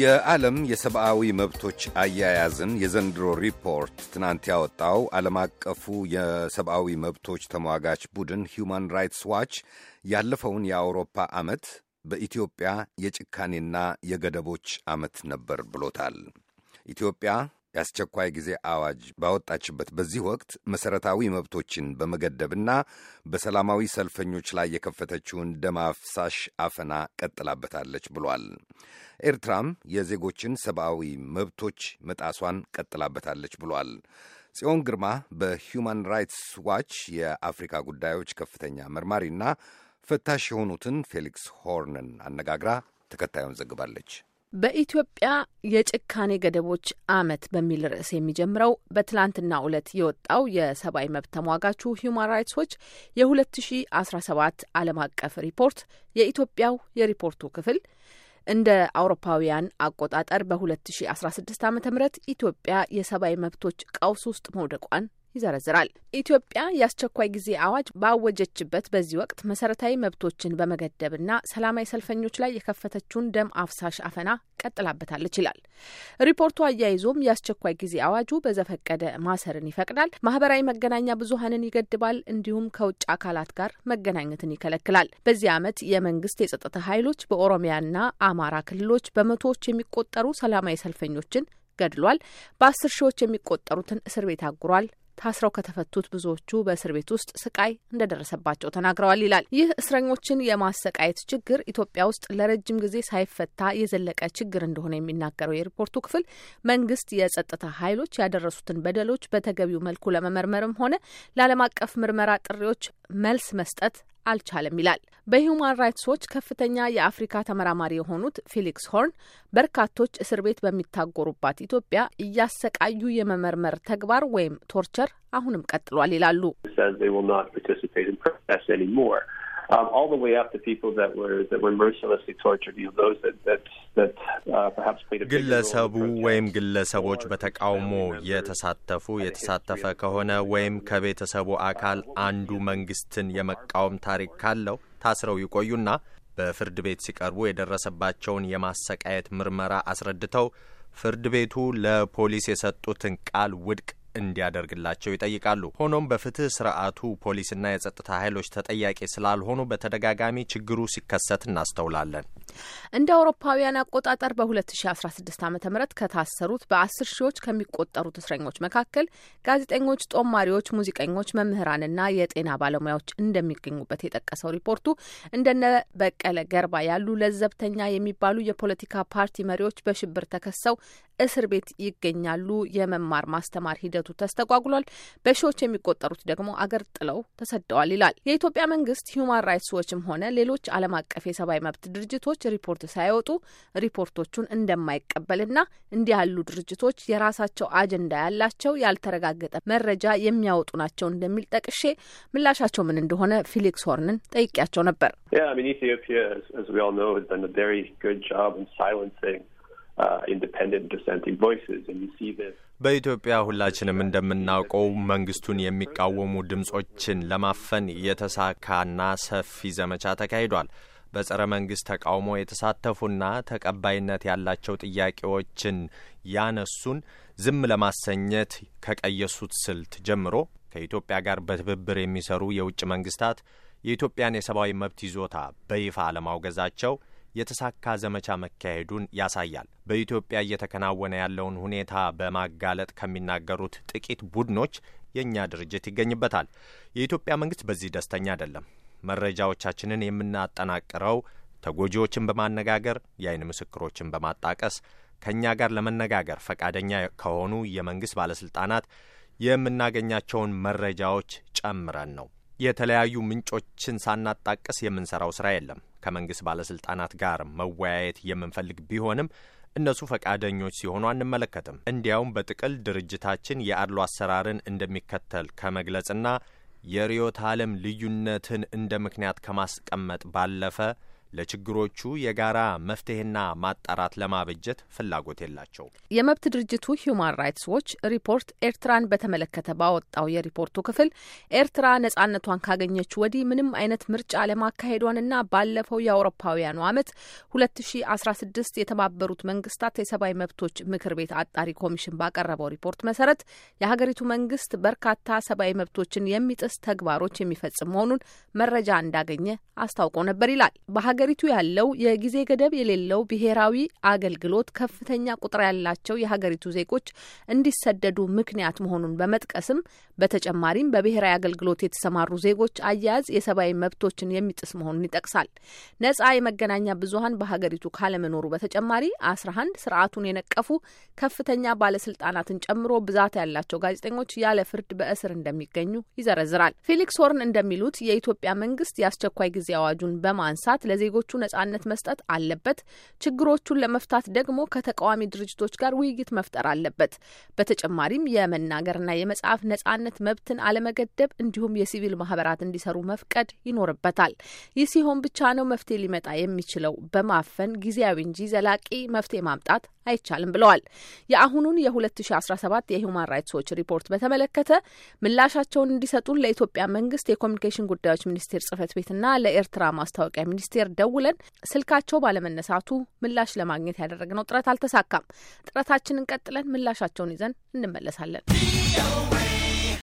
የዓለም የሰብአዊ መብቶች አያያዝን የዘንድሮ ሪፖርት ትናንት ያወጣው ዓለም አቀፉ የሰብአዊ መብቶች ተሟጋች ቡድን ሂዩማን ራይትስ ዋች ያለፈውን የአውሮፓ ዓመት በኢትዮጵያ የጭካኔና የገደቦች ዓመት ነበር ብሎታል። ኢትዮጵያ የአስቸኳይ ጊዜ አዋጅ ባወጣችበት በዚህ ወቅት መሠረታዊ መብቶችን በመገደብና በሰላማዊ ሰልፈኞች ላይ የከፈተችውን ደም አፍሳሽ አፈና ቀጥላበታለች ብሏል። ኤርትራም የዜጎችን ሰብአዊ መብቶች መጣሷን ቀጥላበታለች ብሏል። ጽዮን ግርማ በሂዩማን ራይትስ ዋች የአፍሪካ ጉዳዮች ከፍተኛ መርማሪና ፈታሽ የሆኑትን ፌሊክስ ሆርንን አነጋግራ ተከታዩን ዘግባለች። በኢትዮጵያ የጭካኔ ገደቦች አመት በሚል ርዕስ የሚጀምረው በትላንትና ዕለት የወጣው የሰብአዊ መብት ተሟጋቹ ሁማን ራይትስ ዎች የ2017 ዓለም አቀፍ ሪፖርት የኢትዮጵያው የሪፖርቱ ክፍል እንደ አውሮፓውያን አቆጣጠር በ2016 ዓ ም ኢትዮጵያ የሰብአዊ መብቶች ቀውስ ውስጥ መውደቋን ይዘረዝራል። ኢትዮጵያ የአስቸኳይ ጊዜ አዋጅ ባወጀችበት በዚህ ወቅት መሰረታዊ መብቶችን በመገደብና ሰላማዊ ሰልፈኞች ላይ የከፈተችውን ደም አፍሳሽ አፈና ቀጥላበታለች ይላል ሪፖርቱ። አያይዞም የአስቸኳይ ጊዜ አዋጁ በዘፈቀደ ማሰርን ይፈቅዳል፣ ማህበራዊ መገናኛ ብዙሀንን ይገድባል፣ እንዲሁም ከውጭ አካላት ጋር መገናኘትን ይከለክላል። በዚህ ዓመት የመንግስት የጸጥታ ኃይሎች በኦሮሚያና አማራ ክልሎች በመቶዎች የሚቆጠሩ ሰላማዊ ሰልፈኞችን ገድሏል። በአስር ሺዎች የሚቆጠሩትን እስር ቤት አጉሯል። ታስረው ከተፈቱት ብዙዎቹ በእስር ቤት ውስጥ ስቃይ እንደደረሰባቸው ተናግረዋል ይላል። ይህ እስረኞችን የማሰቃየት ችግር ኢትዮጵያ ውስጥ ለረጅም ጊዜ ሳይፈታ የዘለቀ ችግር እንደሆነ የሚናገረው የሪፖርቱ ክፍል መንግስት የጸጥታ ኃይሎች ያደረሱትን በደሎች በተገቢው መልኩ ለመመርመርም ሆነ ለዓለም አቀፍ ምርመራ ጥሪዎች መልስ መስጠት አልቻለም ይላል። በሂውማን ራይትስ ዎች ከፍተኛ የአፍሪካ ተመራማሪ የሆኑት ፊሊክስ ሆርን በርካቶች እስር ቤት በሚታጎሩባት ኢትዮጵያ እያሰቃዩ የመመርመር ተግባር ወይም ቶርቸር አሁንም ቀጥሏል ይላሉ። um, all the way up to people that were that were mercilessly tortured, you know, those that that that uh, perhaps played a big ግለሰቡ ወይም ግለሰቦች በተቃውሞ የተሳተፉ የተሳተፈ ከሆነ ወይም ከቤተሰቡ አካል አንዱ መንግስትን የመቃወም ታሪክ ካለው ታስረው ይቆዩና በፍርድ ቤት ሲቀርቡ የደረሰባቸውን የማሰቃየት ምርመራ አስረድተው ፍርድ ቤቱ ለፖሊስ የሰጡትን ቃል ውድቅ እንዲያደርግላቸው ይጠይቃሉ። ሆኖም በፍትህ ስርዓቱ ፖሊስና የጸጥታ ኃይሎች ተጠያቂ ስላልሆኑ በተደጋጋሚ ችግሩ ሲከሰት እናስተውላለን። እንደ አውሮፓውያን አቆጣጠር በ2016 ዓ ም ከታሰሩት በአስር ሺዎች ከሚቆጠሩት እስረኞች መካከል ጋዜጠኞች፣ ጦማሪዎች፣ ሙዚቀኞች፣ መምህራንና የጤና ባለሙያዎች እንደሚገኙበት የጠቀሰው ሪፖርቱ እንደነ በቀለ ገርባ ያሉ ለዘብተኛ የሚባሉ የፖለቲካ ፓርቲ መሪዎች በሽብር ተከሰው እስር ቤት ይገኛሉ። የመማር ማስተማር ሂደቱ ተስተጓጉሏል። በሺዎች የሚቆጠሩት ደግሞ አገር ጥለው ተሰደዋል ይላል። የኢትዮጵያ መንግስት ሂዩማን ራይትስ ዎችም ሆነ ሌሎች ዓለም አቀፍ የሰብአዊ መብት ድርጅቶች ሪፖርት ሳይወጡ ሪፖርቶቹን እንደማይቀበልና እንዲህ ያሉ ድርጅቶች የራሳቸው አጀንዳ ያላቸው ያልተረጋገጠ መረጃ የሚያወጡ ናቸው እንደሚል ጠቅሼ ምላሻቸው ምን እንደሆነ ፊሊክስ ሆርንን ጠይቄያቸው ነበር። Uh, በኢትዮጵያ ሁላችንም እንደምናውቀው መንግስቱን የሚቃወሙ ድምጾችን ለማፈን የተሳካና ሰፊ ዘመቻ ተካሂዷል። በጸረ መንግስት ተቃውሞ የተሳተፉና ተቀባይነት ያላቸው ጥያቄዎችን ያነሱን ዝም ለማሰኘት ከቀየሱት ስልት ጀምሮ ከኢትዮጵያ ጋር በትብብር የሚሰሩ የውጭ መንግስታት የኢትዮጵያን የሰብአዊ መብት ይዞታ በይፋ አለማውገዛቸው የተሳካ ዘመቻ መካሄዱን ያሳያል። በኢትዮጵያ እየተከናወነ ያለውን ሁኔታ በማጋለጥ ከሚናገሩት ጥቂት ቡድኖች የእኛ ድርጅት ይገኝበታል። የኢትዮጵያ መንግስት በዚህ ደስተኛ አይደለም። መረጃዎቻችንን የምናጠናቅረው ተጎጂዎችን በማነጋገር የአይን ምስክሮችን በማጣቀስ ከእኛ ጋር ለመነጋገር ፈቃደኛ ከሆኑ የመንግስት ባለስልጣናት የምናገኛቸውን መረጃዎች ጨምረን ነው። የተለያዩ ምንጮችን ሳናጣቅስ የምንሰራው ስራ የለም። ከመንግሥት ባለሥልጣናት ጋር መወያየት የምንፈልግ ቢሆንም እነሱ ፈቃደኞች ሲሆኑ አንመለከትም። እንዲያውም በጥቅል ድርጅታችን የአድሎ አሰራርን እንደሚከተል ከመግለጽና የርዕዮተ ዓለም ልዩነትን እንደ ምክንያት ከማስቀመጥ ባለፈ ለችግሮቹ የጋራ መፍትሄና ማጣራት ለማበጀት ፍላጎት የላቸው። የመብት ድርጅቱ ሂዩማን ራይትስ ዎች ሪፖርት ኤርትራን በተመለከተ ባወጣው የሪፖርቱ ክፍል ኤርትራ ነጻነቷን ካገኘች ወዲህ ምንም አይነት ምርጫ ለማካሄዷንና ባለፈው የአውሮፓውያኑ ዓመት 2016 የተባበሩት መንግስታት የሰብአዊ መብቶች ምክር ቤት አጣሪ ኮሚሽን ባቀረበው ሪፖርት መሰረት የሀገሪቱ መንግስት በርካታ ሰብአዊ መብቶችን የሚጥስ ተግባሮች የሚፈጽም መሆኑን መረጃ እንዳገኘ አስታውቆ ነበር ይላል። በሀገሪቱ ያለው የጊዜ ገደብ የሌለው ብሔራዊ አገልግሎት ከፍተኛ ቁጥር ያላቸው የሀገሪቱ ዜጎች እንዲሰደዱ ምክንያት መሆኑን በመጥቀስም በተጨማሪም በብሔራዊ አገልግሎት የተሰማሩ ዜጎች አያያዝ የሰብአዊ መብቶችን የሚጥስ መሆኑን ይጠቅሳል። ነጻ የመገናኛ ብዙሀን በሀገሪቱ ካለመኖሩ በተጨማሪ አስራ አንድ ስርዓቱን የነቀፉ ከፍተኛ ባለስልጣናትን ጨምሮ ብዛት ያላቸው ጋዜጠኞች ያለ ፍርድ በእስር እንደሚገኙ ይዘረዝራል። ፊሊክስ ሆርን እንደሚሉት የኢትዮጵያ መንግስት የአስቸኳይ ጊዜ አዋጁን በማንሳት ለዜ ለዜጎቹ ነጻነት መስጠት አለበት። ችግሮቹን ለመፍታት ደግሞ ከተቃዋሚ ድርጅቶች ጋር ውይይት መፍጠር አለበት። በተጨማሪም የመናገርና የመጽሐፍ ነጻነት መብትን አለመገደብ፣ እንዲሁም የሲቪል ማህበራት እንዲሰሩ መፍቀድ ይኖርበታል። ይህ ሲሆን ብቻ ነው መፍትሄ ሊመጣ የሚችለው። በማፈን ጊዜያዊ እንጂ ዘላቂ መፍትሄ ማምጣት አይቻልም ብለዋል። የአሁኑን የ2017 የሁማን ራይትስ ዎች ሪፖርት በተመለከተ ምላሻቸውን እንዲሰጡን ለኢትዮጵያ መንግስት የኮሚኒኬሽን ጉዳዮች ሚኒስቴር ጽህፈት ቤትና ለኤርትራ ማስታወቂያ ሚኒስቴር ደውለን ስልካቸው ባለመነሳቱ ምላሽ ለማግኘት ያደረግነው ጥረት አልተሳካም። ጥረታችንን ቀጥለን ምላሻቸውን ይዘን እንመለሳለን።